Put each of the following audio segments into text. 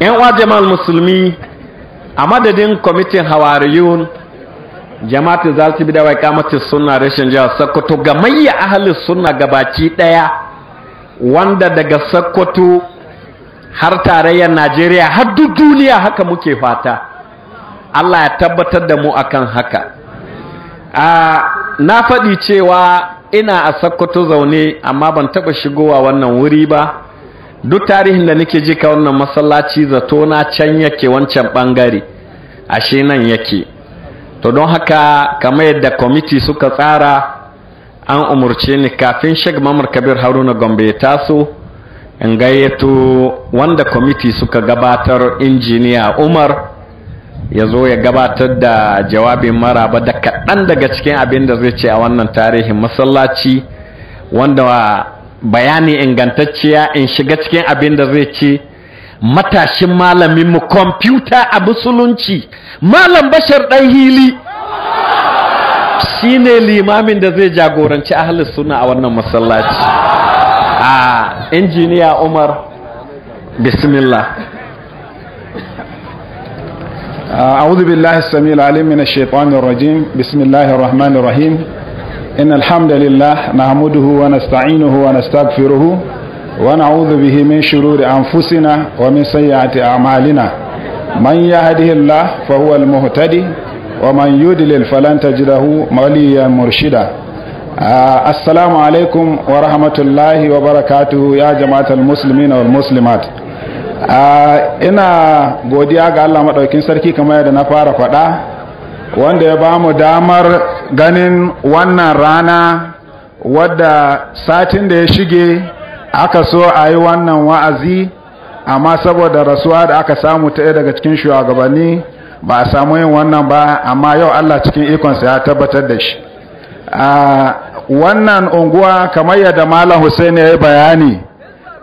yan uwa jama'al musulmi a madadin kwamitin hawariyun jama'atin su bi da wai kamatin sunna rashin jihar sokoto gamayya ahalin sunna gabaki ɗaya. wanda daga sokoto har tarayyar najeriya har duk duniya haka muke fata allah ya tabbatar da mu akan haka na faɗi cewa ina a sokoto zaune amma ban taɓa shigowa wannan wuri ba duk tarihin da nake ji ka wannan masallaci zato na can yake wancan bangare ashe nan yake to don haka kamar yadda kwamiti suka tsara an umarce ni kafin shek mamar kabir haruna gombe ya taso in gayyato wanda kwamiti suka gabatar injiniya umar ya zo ya gabatar da jawabin maraba da kaɗan daga cikin abin da zai ce a wannan tarihin masallaci wanda bayani ingantacciya in shiga cikin abin da zai ci matashin malaminmu kwamfuta a musulunci malam bashar ɗan hili shine limamin da zai jagoranci ahalus suna a wannan masallaci a injiniya umar bismillah أعوذ بالله السميع العليم من الشيطان الرجيم بسم الله إن الحمد لله نحمده ونستعينه ونستغفره ونعوذ به من شرور أنفسنا ومن سيئات أعمالنا من يهده الله فهو المهتدي ومن يدلل فلن تجده وليا مرشدا آه السلام عليكم ورحمة الله وبركاته يا جماعة المسلمين والمسلمات آه قد godiya الله مدعوكين سركي كما يدنا فارفة na fara faɗa wanda ganin wannan rana wadda satin da ya shige aka so a yi wannan wa'azi amma saboda rasuwa da aka samu ta daga cikin shugabanni ba a samu yin wannan ba amma yau Allah cikin ikonsa ya tabbatar da shi wannan unguwa kamar yadda malam Hussein ya yi bayani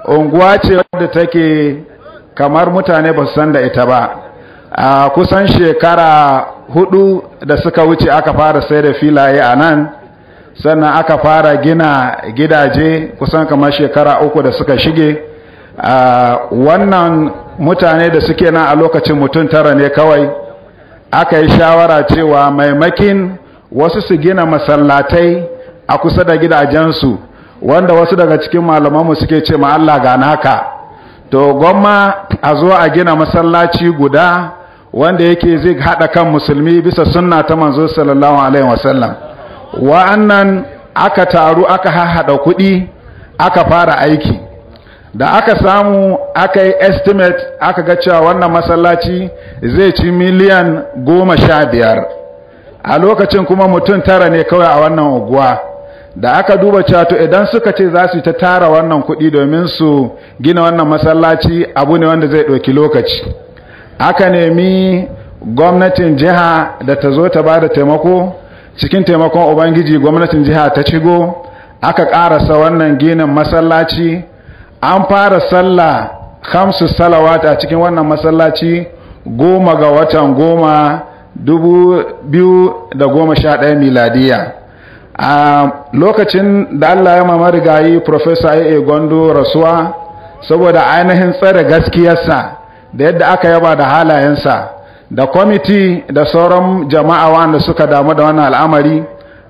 unguwa ce wadda take kamar mutane ba su san da ita ba a kusan shekara hudu da suka wuce aka fara sai da filaye a nan sannan aka fara gina gidaje kusan kamar shekara uku da suka shige wannan mutane da suke nan a lokacin mutum tara ne kawai aka yi shawara cewa maimakin wasu su gina masallatai a kusa da gidajensu wanda wasu daga cikin malamanmu suke ce ma Allah ga naka to gwamma a zo a gina masallaci guda wanda yake zai haɗa kan musulmi bisa sunna ta manzo sallallahu alaihi wasallam wa'annan aka taru aka haɗa kuɗi aka fara aiki da aka samu aka yi estimate aka ga cewa wannan masallaci zai ci miliyan goma sha biyar a lokacin kuma mutum tara ne kawai a wannan unguwa da aka duba cato idan suka ce za su ta tara wannan kuɗi domin su gina wannan masallaci abu ne wanda zai ɗauki lokaci aka nemi gwamnatin jiha da ta zo ta ba da taimako cikin taimakon ubangiji gwamnatin jiha ta cigo aka ƙarasa wannan ginin masallaci an fara sallah hamsu salawata a cikin wannan masallaci goma ga watan goma dubu biyu da goma sha ɗaya miladiya a lokacin da allah ya marigayi professor a.a gondo rasuwa saboda ainihin tsare gaskiyarsa da yadda aka yaba da halayensa da kwamiti da sauran jama'a wanda suka damu da wannan al'amari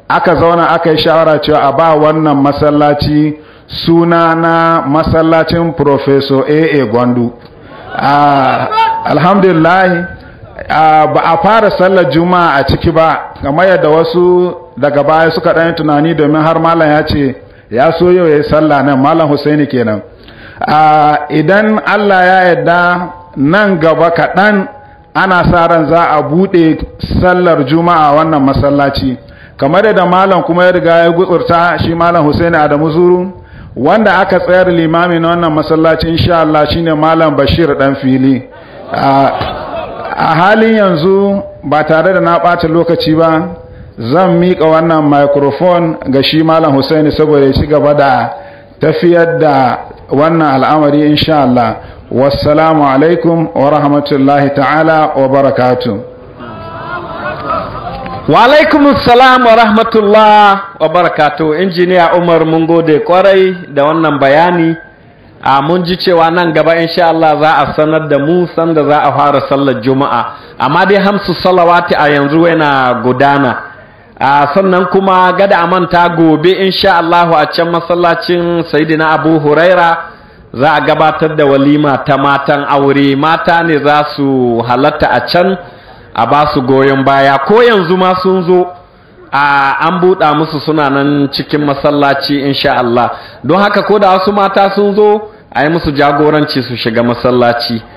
aka zauna aka yi shawara cewa a ba wannan masallaci suna na masallacin professor A.A. Gwandu alhamdulillah ba a fara sallar juma'a a ciki ba kamar yadda wasu daga baya suka ɗan tunani domin har malam ya ce ya so yau ya yi sallah nan malam husaini kenan idan allah ya yadda. nan gaba kaɗan ana sa ran za a buɗe sallar juma'a wannan masallaci kamar yadda malam kuma ya riga ya gutsurta shi malam Hussein Adamu Zuru wanda aka tsayar limami na wannan masallaci insha Allah shine malam Bashir dan fili a halin yanzu ba tare da na ɓata lokaci ba zan miƙa wannan microphone ga shi malam Hussein saboda ya ci gaba da tafiyar da wannan al'amari insha Allah wassalamu alaikum wa rahmatullahi ta'ala wa barakatu wa alaikum salam wa rahmatullah wa barakatu injiniya umar mun gode kwarai da wannan bayani a mun ji cewa nan gaba insha Allah za a sanar da mu sanda za a fara sallar juma'a amma dai hamsu salawati a yanzu yana gudana a sannan kuma gada a manta gobe insha Allah a can masallacin saidina abu huraira za a gabatar da walima ta matan aure mata ne za su halatta a can a ba su goyon baya ko yanzu ma sun zo a an buɗa musu suna nan cikin masallaci insha Allah don haka ko da wasu mata sun zo a yi musu jagoranci su shiga masallaci